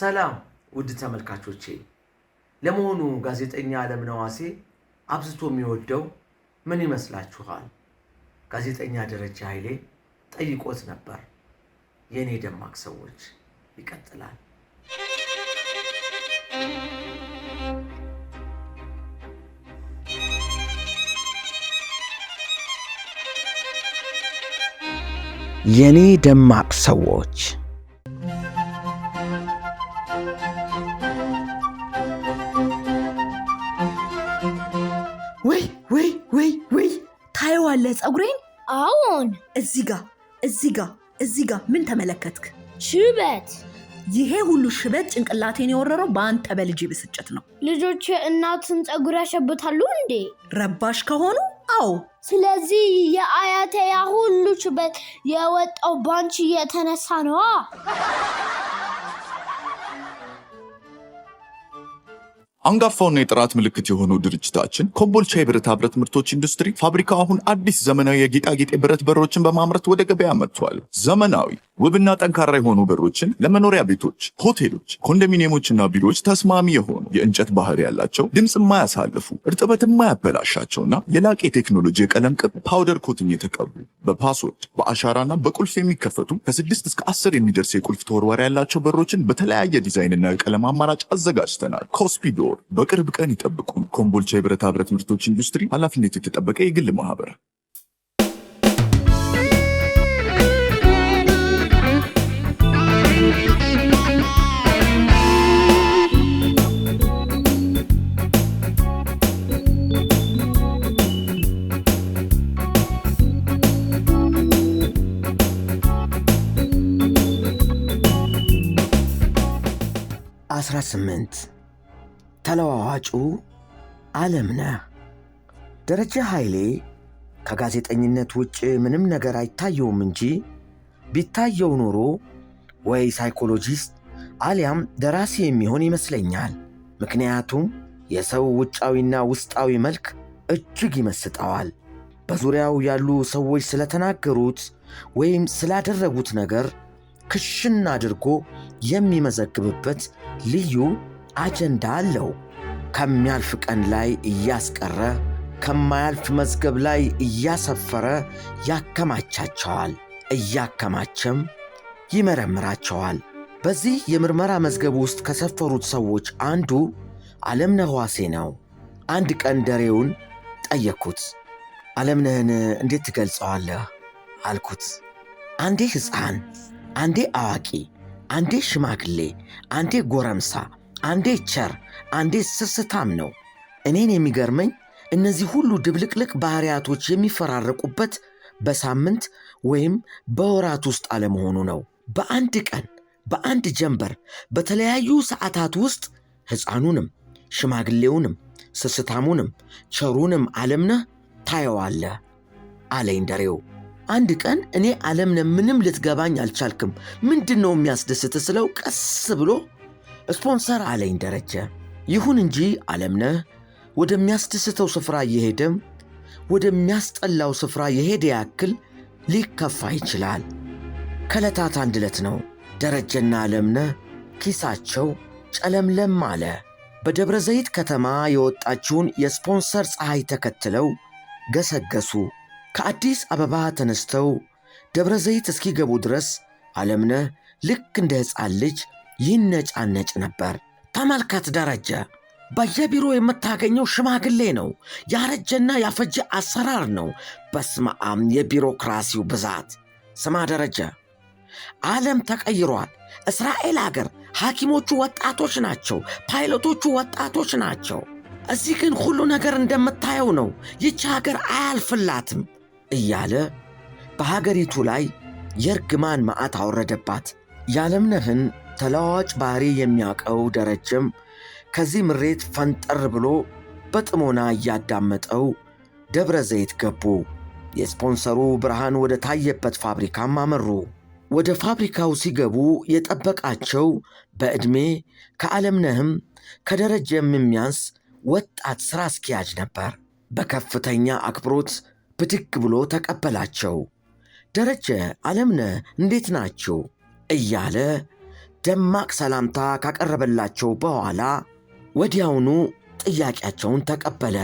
ሰላም ውድ ተመልካቾቼ። ለመሆኑ ጋዜጠኛ አለምነህ ዋሴ አብዝቶ የሚወደው ምን ይመስላችኋል? ጋዜጠኛ ደረጀ ኃይሌ ጠይቆት ነበር። የእኔ ደማቅ ሰዎች ይቀጥላል። የእኔ ደማቅ ሰዎች ፀጉሬን? አዎን። እዚህ ጋ እዚህ ጋ እዚህ ጋ ምን ተመለከትክ? ሽበት። ይሄ ሁሉ ሽበት ጭንቅላቴን የወረረው በአንተ በልጅ ብስጭት ነው። ልጆች እናትን ፀጉር ያሸብታሉ እንዴ? ረባሽ ከሆኑ አዎ። ስለዚህ የአያቴ ያ ሁሉ ሽበት የወጣው ባንቺ የተነሳ ነዋ። አንጋፋውና የጥራት ምልክት የሆነው ድርጅታችን ኮምቦልቻ የብረታ ብረት ምርቶች ኢንዱስትሪ ፋብሪካ አሁን አዲስ ዘመናዊ የጌጣጌጥ ብረት በሮችን በማምረት ወደ ገበያ መጥቷል። ዘመናዊ ውብና ጠንካራ የሆኑ በሮችን ለመኖሪያ ቤቶች፣ ሆቴሎች፣ ኮንዶሚኒየሞችና ቢሮዎች ተስማሚ የሆኑ የእንጨት ባህር ያላቸው ድምፅ የማያሳልፉ እርጥበት የማያበላሻቸውና የላቅ የቴክኖሎጂ የቀለም ቅብ ፓውደር ኮትኝ የተቀቡ በፓስወርድ በአሻራና በቁልፍ የሚከፈቱ ከስድስት እስከ አስር የሚደርስ የቁልፍ ተወርዋር ያላቸው በሮችን በተለያየ ዲዛይንና የቀለም አማራጭ አዘጋጅተናል። ኮስፒዶ ጦር በቅርብ ቀን ይጠብቁ ኮምቦልቻ የብረታ ብረት ምርቶች ኢንዱስትሪ ኃላፊነት የተጠበቀ የግል ማህበር አስራ ስምንት ተለዋዋጩ ዓለምነህ ደረጀ ኃይሌ ከጋዜጠኝነት ውጭ ምንም ነገር አይታየውም እንጂ ቢታየው ኖሮ ወይ ሳይኮሎጂስት አሊያም ደራሲ የሚሆን ይመስለኛል። ምክንያቱም የሰው ውጫዊና ውስጣዊ መልክ እጅግ ይመስጠዋል። በዙሪያው ያሉ ሰዎች ስለተናገሩት ወይም ስላደረጉት ነገር ክሽን አድርጎ የሚመዘግብበት ልዩ አጀንዳ አለው። ከሚያልፍ ቀን ላይ እያስቀረ ከማያልፍ መዝገብ ላይ እያሰፈረ ያከማቻቸዋል። እያከማቸም ይመረምራቸዋል። በዚህ የምርመራ መዝገብ ውስጥ ከሰፈሩት ሰዎች አንዱ ዓለምነህ ዋሴ ነው። አንድ ቀን ደሬውን ጠየቅኩት። ዓለምነህን እንዴት ትገልጸዋለህ አልኩት። አንዴ ሕፃን፣ አንዴ አዋቂ፣ አንዴ ሽማግሌ፣ አንዴ ጎረምሳ አንዴ ቸር፣ አንዴ ስስታም ነው። እኔን የሚገርመኝ እነዚህ ሁሉ ድብልቅልቅ ባህሪያቶች የሚፈራረቁበት በሳምንት ወይም በወራት ውስጥ አለመሆኑ ነው። በአንድ ቀን በአንድ ጀንበር በተለያዩ ሰዓታት ውስጥ ሕፃኑንም ሽማግሌውንም ስስታሙንም ቸሩንም ዓለምነህ ታየዋለህ አለኝ ደሬው። አንድ ቀን እኔ ዓለምነህ ምንም ልትገባኝ አልቻልክም፣ ምንድን ነው የሚያስደስት ስለው ቀስ ብሎ ስፖንሰር አለኝ ደረጀ። ይሁን እንጂ አለምነህ ወደሚያስደስተው ስፍራ እየሄደም ወደሚያስጠላው ስፍራ የሄደ ያክል ሊከፋ ይችላል። ከዕለታት አንድ ዕለት ነው ደረጀና አለምነህ ኪሳቸው ጨለምለም አለ። በደብረ ዘይት ከተማ የወጣችውን የስፖንሰር ፀሐይ ተከትለው ገሰገሱ። ከአዲስ አበባ ተነስተው ደብረ ዘይት እስኪገቡ ድረስ አለምነህ ልክ እንደ ሕፃን ልጅ ይነጫነጭ ነበር። ተመልከት ደረጀ፣ በየቢሮ የምታገኘው ሽማግሌ ነው። ያረጀና ያፈጀ አሰራር ነው። በስመአም የቢሮክራሲው ብዛት። ስማ ደረጀ፣ ዓለም ተቀይሯል። እስራኤል አገር ሐኪሞቹ ወጣቶች ናቸው። ፓይለቶቹ ወጣቶች ናቸው። እዚህ ግን ሁሉ ነገር እንደምታየው ነው። ይቺ ሀገር አያልፍላትም እያለ በሀገሪቱ ላይ የእርግማን መዓት አወረደባት። ያለምነህን ተለዋጭ ባህሪ የሚያውቀው ደረጀም ከዚህ ምሬት ፈንጠር ብሎ በጥሞና እያዳመጠው ደብረ ዘይት ገቡ። የስፖንሰሩ ብርሃን ወደ ታየበት ፋብሪካም አመሩ። ወደ ፋብሪካው ሲገቡ የጠበቃቸው በዕድሜ ከዓለምነህም ከደረጀም የሚያንስ ወጣት ሥራ አስኪያጅ ነበር። በከፍተኛ አክብሮት ብድግ ብሎ ተቀበላቸው። ደረጀ፣ ዓለምነህ እንዴት ናችሁ? እያለ ደማቅ ሰላምታ ካቀረበላቸው በኋላ ወዲያውኑ ጥያቄያቸውን ተቀበለ።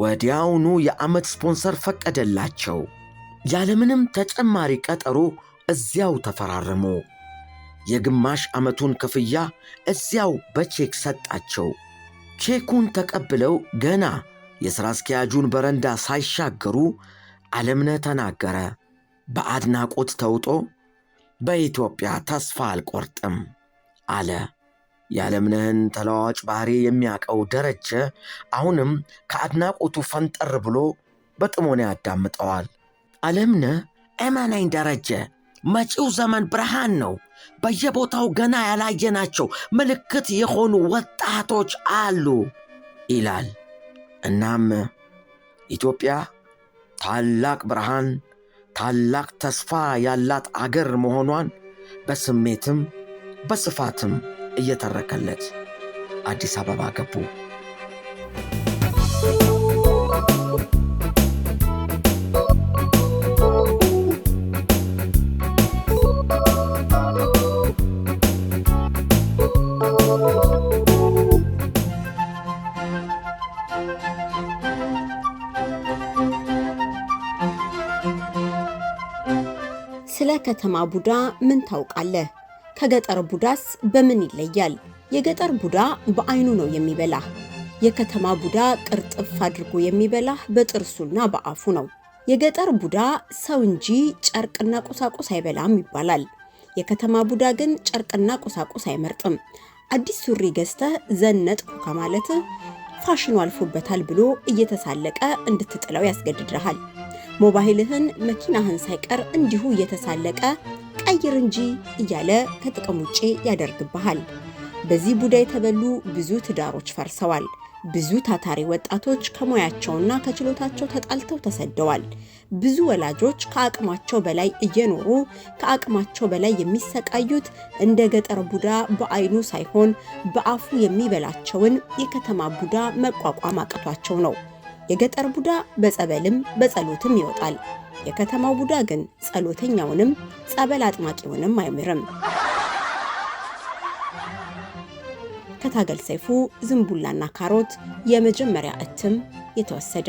ወዲያውኑ የዓመት ስፖንሰር ፈቀደላቸው። ያለምንም ተጨማሪ ቀጠሮ እዚያው ተፈራረሙ። የግማሽ ዓመቱን ክፍያ እዚያው በቼክ ሰጣቸው። ቼኩን ተቀብለው ገና የሥራ አስኪያጁን በረንዳ ሳይሻገሩ ዓለምነህ ተናገረ። በአድናቆት ተውጦ በኢትዮጵያ ተስፋ አልቆርጥም አለ። የዓለምነህን ተለዋዋጭ ባህሪ የሚያውቀው ደረጀ አሁንም ከአድናቆቱ ፈንጠር ብሎ በጥሞና ያዳምጠዋል። ዓለምነህ እመነኝ ደረጀ፣ መጪው ዘመን ብርሃን ነው። በየቦታው ገና ያላየናቸው ምልክት የሆኑ ወጣቶች አሉ ይላል። እናም ኢትዮጵያ ታላቅ ብርሃን ታላቅ ተስፋ ያላት አገር መሆኗን በስሜትም በስፋትም እየተረከለት አዲስ አበባ ገቡ። የከተማ ቡዳ ምን ታውቃለህ? ከገጠር ቡዳስ በምን ይለያል? የገጠር ቡዳ በአይኑ ነው የሚበላህ። የከተማ ቡዳ ቅርጥፍ አድርጎ የሚበላህ በጥርሱና በአፉ ነው። የገጠር ቡዳ ሰው እንጂ ጨርቅና ቁሳቁስ አይበላም ይባላል። የከተማ ቡዳ ግን ጨርቅና ቁሳቁስ አይመርጥም። አዲስ ሱሪ ገዝተህ ዘነጥኩ ከማለትህ ፋሽኑ አልፎበታል ብሎ እየተሳለቀ እንድትጥለው ያስገድድሃል። ሞባይልህን መኪናህን ሳይቀር እንዲሁ እየተሳለቀ ቀይር እንጂ እያለ ከጥቅም ውጪ ያደርግብሃል። በዚህ ቡዳ የተበሉ ብዙ ትዳሮች ፈርሰዋል። ብዙ ታታሪ ወጣቶች ከሙያቸውና ከችሎታቸው ተጣልተው ተሰደዋል። ብዙ ወላጆች ከአቅማቸው በላይ እየኖሩ ከአቅማቸው በላይ የሚሰቃዩት እንደ ገጠር ቡዳ በአይኑ ሳይሆን በአፉ የሚበላቸውን የከተማ ቡዳ መቋቋም አቅቷቸው ነው። የገጠር ቡዳ በጸበልም በጸሎትም ይወጣል። የከተማው ቡዳ ግን ጸሎተኛውንም ጸበል አጥማቂውንም አይምርም። ከታገል ሰይፉ ዝንቡላና ካሮት የመጀመሪያ እትም የተወሰደ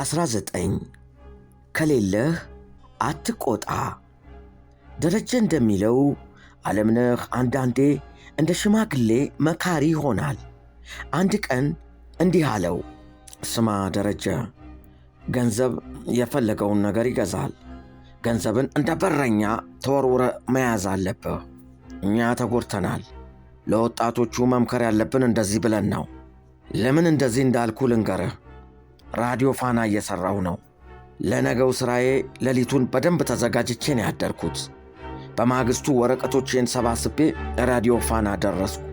19 ከሌለህ አትቆጣ። ደረጀ እንደሚለው ዓለምነህ አንዳንዴ እንደ ሽማግሌ መካሪ ይሆናል። አንድ ቀን እንዲህ አለው፣ ስማ ደረጀ፣ ገንዘብ የፈለገውን ነገር ይገዛል። ገንዘብን እንደ በረኛ ተወርውረ መያዝ አለብህ። እኛ ተጎድተናል። ለወጣቶቹ መምከር ያለብን እንደዚህ ብለን ነው። ለምን እንደዚህ እንዳልኩ ልንገርህ። ራዲዮ ፋና እየሠራሁ ነው። ለነገው ሥራዬ ሌሊቱን በደንብ ተዘጋጅቼ ነው ያደርኩት። በማግስቱ ወረቀቶቼን ሰባስቤ ለራዲዮ ፋና ደረስኩ።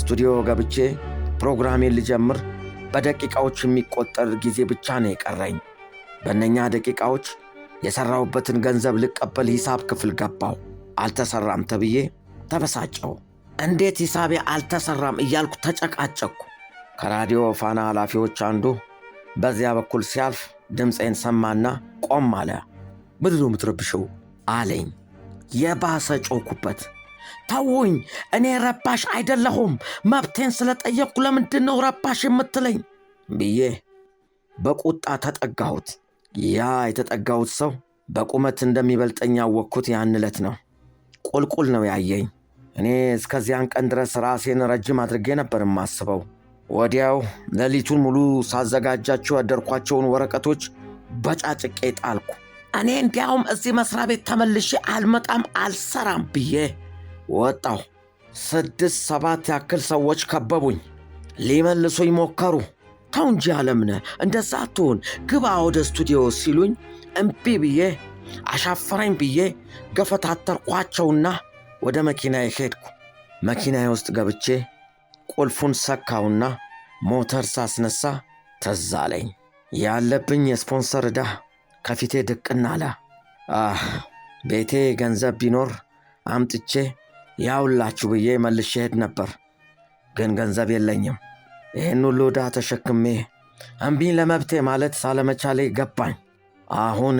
ስቱዲዮ ገብቼ ፕሮግራሜን ልጀምር በደቂቃዎች የሚቆጠር ጊዜ ብቻ ነው የቀረኝ። በእነኛ ደቂቃዎች የሠራሁበትን ገንዘብ ልቀበል ሂሳብ ክፍል ገባው። አልተሠራም ተብዬ ተበሳጨው። እንዴት ሂሳቤ አልተሠራም እያልኩ ተጨቃጨቅኩ። ከራዲዮ ፋና ኃላፊዎች አንዱ በዚያ በኩል ሲያልፍ ድምፄን ሰማና ቆም አለ። ምንድን ነው አለኝ። የባሰ ጮኩበት። ተውኝ፣ እኔ ረባሽ አይደለሁም። መብቴን ስለጠየቅኩ ለምንድን ነው ረባሽ የምትለኝ ብዬ በቁጣ ተጠጋሁት። ያ የተጠጋሁት ሰው በቁመት እንደሚበልጠኝ ያወቅኩት ያን ዕለት ነው። ቁልቁል ነው ያየኝ። እኔ እስከዚያን ቀን ድረስ ራሴን ረጅም አድርጌ ነበር የማስበው። ወዲያው ሌሊቱን ሙሉ ሳዘጋጃቸው ያደርኳቸውን ወረቀቶች በጫጭቄ ጣልኩ። እኔ እንዲያውም እዚህ መሥሪያ ቤት ተመልሼ አልመጣም፣ አልሰራም ብዬ ወጣሁ። ስድስት ሰባት ያክል ሰዎች ከበቡኝ፣ ሊመልሱኝ ሞከሩ። ተው እንጂ አለምነ፣ እንደዛ አትሁን፣ ግባ ወደ ስቱዲዮ ሲሉኝ እምቢ ብዬ አሻፈረኝ ብዬ ገፈታተርኳቸውና ወደ መኪናዬ ሄድኩ። መኪናዬ ውስጥ ገብቼ ቁልፉን ሰካውና ሞተር ሳስነሳ ትዝ አለኝ። ያለብኝ የስፖንሰር ዕዳ ከፊቴ ድቅና አለ። አህ ቤቴ ገንዘብ ቢኖር አምጥቼ ያውላችሁ ብዬ መልሼ ሄድ ነበር፣ ግን ገንዘብ የለኝም። ይህን ሁሉ ዕዳ ተሸክሜ እምቢኝ ለመብቴ ማለት ሳለመቻሌ ገባኝ። አሁን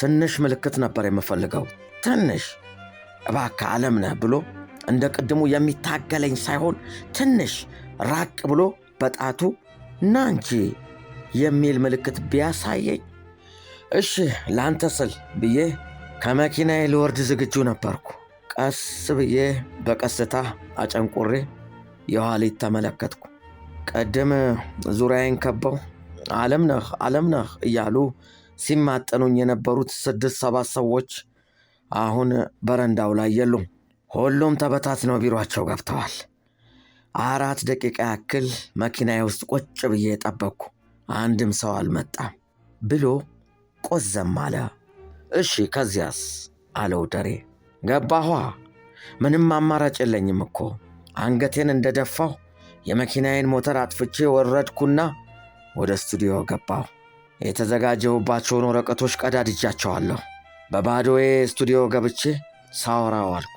ትንሽ ምልክት ነበር የምፈልገው። ትንሽ እባክህ ዓለም ብሎ እንደ ቅድሙ የሚታገለኝ ሳይሆን ትንሽ ራቅ ብሎ በጣቱ ናንቺ የሚል ምልክት ቢያሳየኝ እሺ ለአንተ ስል ብዬ ከመኪናዬ ልወርድ ዝግጁ ነበርኩ። ቀስ ብዬ በቀስታ አጨንቁሬ የኋሊት ተመለከትኩ። ቅድም ዙሪያዬን ከበው ዓለም ነህ ዓለም ነህ እያሉ ሲማጠኑኝ የነበሩት ስድስት ሰባት ሰዎች አሁን በረንዳው ላይ የሉም። ሁሉም ተበታትነው ቢሯቸው ገብተዋል። አራት ደቂቃ ያክል መኪናዬ ውስጥ ቁጭ ብዬ የጠበቅኩ አንድም ሰው አልመጣም ብሎ ቆዘም አለ። እሺ ከዚያስ አለው ደሬ። ገባኋ። ምንም አማራጭ የለኝም እኮ አንገቴን እንደደፋሁ የመኪናዬን ሞተር አጥፍቼ ወረድኩና ወደ ስቱዲዮ ገባሁ። የተዘጋጀሁባቸውን ወረቀቶች ቀዳድጃቸዋለሁ። በባዶዬ ስቱዲዮ ገብቼ ሳወራው አልኩ።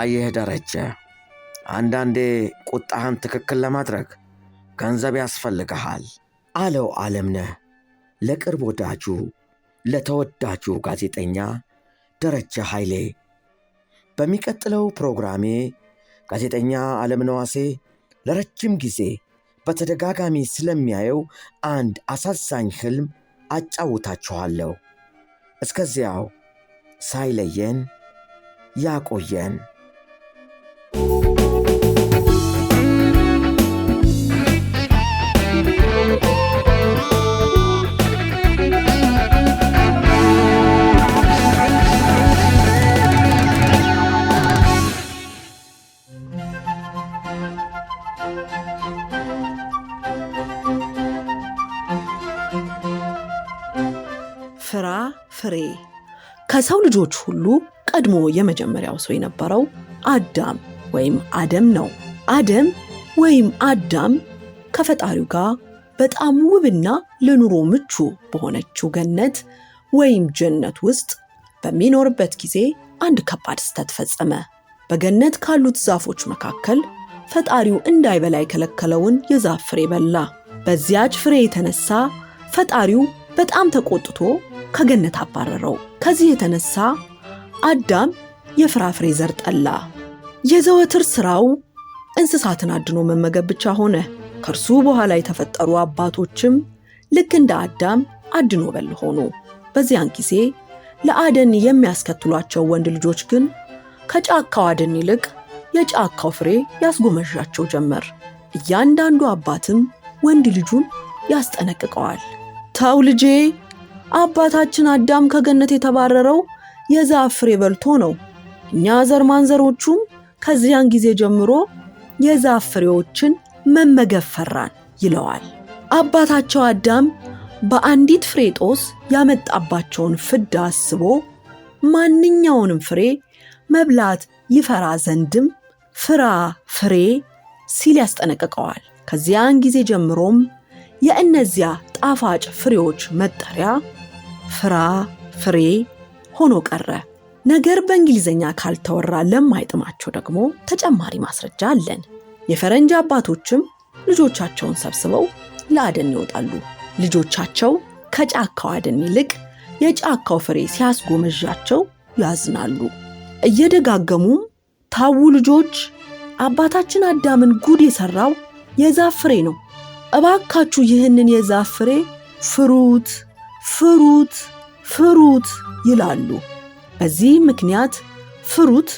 አየህ ደረጀ፣ አንዳንዴ ቁጣህን ትክክል ለማድረግ ገንዘብ ያስፈልግሃል አለው አለምነህ ለቅርብ ወዳጁ ለተወዳጁ ጋዜጠኛ ደረጀ ኃይሌ። በሚቀጥለው ፕሮግራሜ ጋዜጠኛ አለምነህ ዋሴ ለረጅም ጊዜ በተደጋጋሚ ስለሚያየው አንድ አሳዛኝ ሕልም አጫውታችኋለሁ። እስከዚያው ሳይለየን ያቆየን። ፍሬ ከሰው ልጆች ሁሉ ቀድሞ የመጀመሪያው ሰው የነበረው አዳም ወይም አደም ነው። አደም ወይም አዳም ከፈጣሪው ጋር በጣም ውብና ለኑሮ ምቹ በሆነችው ገነት ወይም ጀነት ውስጥ በሚኖርበት ጊዜ አንድ ከባድ ስህተት ፈጸመ። በገነት ካሉት ዛፎች መካከል ፈጣሪው እንዳይበላ የከለከለውን የዛፍ ፍሬ በላ። በዚያች ፍሬ የተነሳ ፈጣሪው በጣም ተቆጥቶ ከገነት አባረረው። ከዚህ የተነሳ አዳም የፍራፍሬ ዘር ጠላ። የዘወትር ሥራው እንስሳትን አድኖ መመገብ ብቻ ሆነ። ከእርሱ በኋላ የተፈጠሩ አባቶችም ልክ እንደ አዳም አድኖ በል ሆኑ። በዚያን ጊዜ ለአደን የሚያስከትሏቸው ወንድ ልጆች ግን ከጫካው አደን ይልቅ የጫካው ፍሬ ያስጎመዣቸው ጀመር። እያንዳንዱ አባትም ወንድ ልጁን ያስጠነቅቀዋል። ተው ልጄ አባታችን አዳም ከገነት የተባረረው የዛፍ ፍሬ በልቶ ነው። እኛ ዘር ማንዘሮቹም ከዚያን ጊዜ ጀምሮ የዛፍ ፍሬዎችን መመገብ ፈራን ይለዋል። አባታቸው አዳም በአንዲት ፍሬ ጦስ ያመጣባቸውን ፍዳ አስቦ ማንኛውንም ፍሬ መብላት ይፈራ ዘንድም ፍራ ፍሬ ሲል ያስጠነቅቀዋል። ከዚያን ጊዜ ጀምሮም የእነዚያ ጣፋጭ ፍሬዎች መጠሪያ ፍራ ፍሬ ሆኖ ቀረ። ነገር በእንግሊዝኛ ካልተወራ ለማይጥማቸው ደግሞ ተጨማሪ ማስረጃ አለን። የፈረንጅ አባቶችም ልጆቻቸውን ሰብስበው ለአደን ይወጣሉ። ልጆቻቸው ከጫካው አደን ይልቅ የጫካው ፍሬ ሲያስጎመዣቸው ያዝናሉ። እየደጋገሙም ታው ልጆች፣ አባታችን አዳምን ጉድ የሰራው የዛፍ ፍሬ ነው። እባካችሁ ይህንን የዛፍ ፍሬ ፍሩት ፍሩት ፍሩት ይላሉ። በዚህ ምክንያት ፍሩት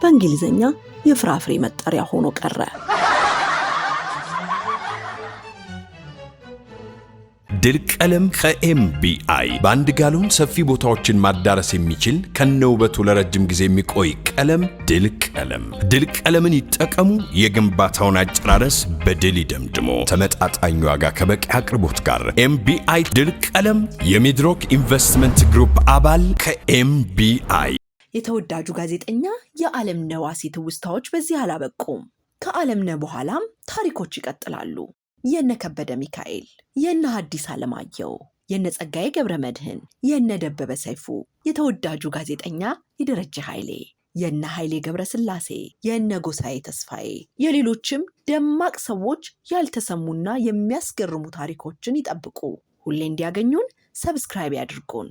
በእንግሊዝኛ የፍራፍሬ መጠሪያ ሆኖ ቀረ። ድል ቀለም ከኤምቢአይ በአንድ ጋሎን ሰፊ ቦታዎችን ማዳረስ የሚችል ከነውበቱ ለረጅም ጊዜ የሚቆይ ቀለም ድል ቀለም። ድል ቀለምን ይጠቀሙ። የግንባታውን አጨራረስ በድል ይደምድሞ። ተመጣጣኝ ዋጋ ከበቂ አቅርቦት ጋር ኤምቢአይ ድል ቀለም የሚድሮክ ኢንቨስትመንት ግሩፕ አባል ከኤምቢአይ። የተወዳጁ ጋዜጠኛ የዓለምነህ ዋሴ ትውስታዎች በዚህ አላበቁም። ከዓለምነህ በኋላም ታሪኮች ይቀጥላሉ። የነ ከበደ ሚካኤል፣ የነ ሐዲስ ዓለማየሁ፣ የነ ጸጋዬ ገብረ መድህን፣ የነ ደበበ ሰይፉ፣ የተወዳጁ ጋዜጠኛ የደረጀ ኃይሌ፣ የነ ኃይሌ ገብረ ስላሴ፣ የነ ጎሳዬ ተስፋዬ፣ የሌሎችም ደማቅ ሰዎች ያልተሰሙና የሚያስገርሙ ታሪኮችን ይጠብቁ። ሁሌ እንዲያገኙን ሰብስክራይብ ያድርጉን።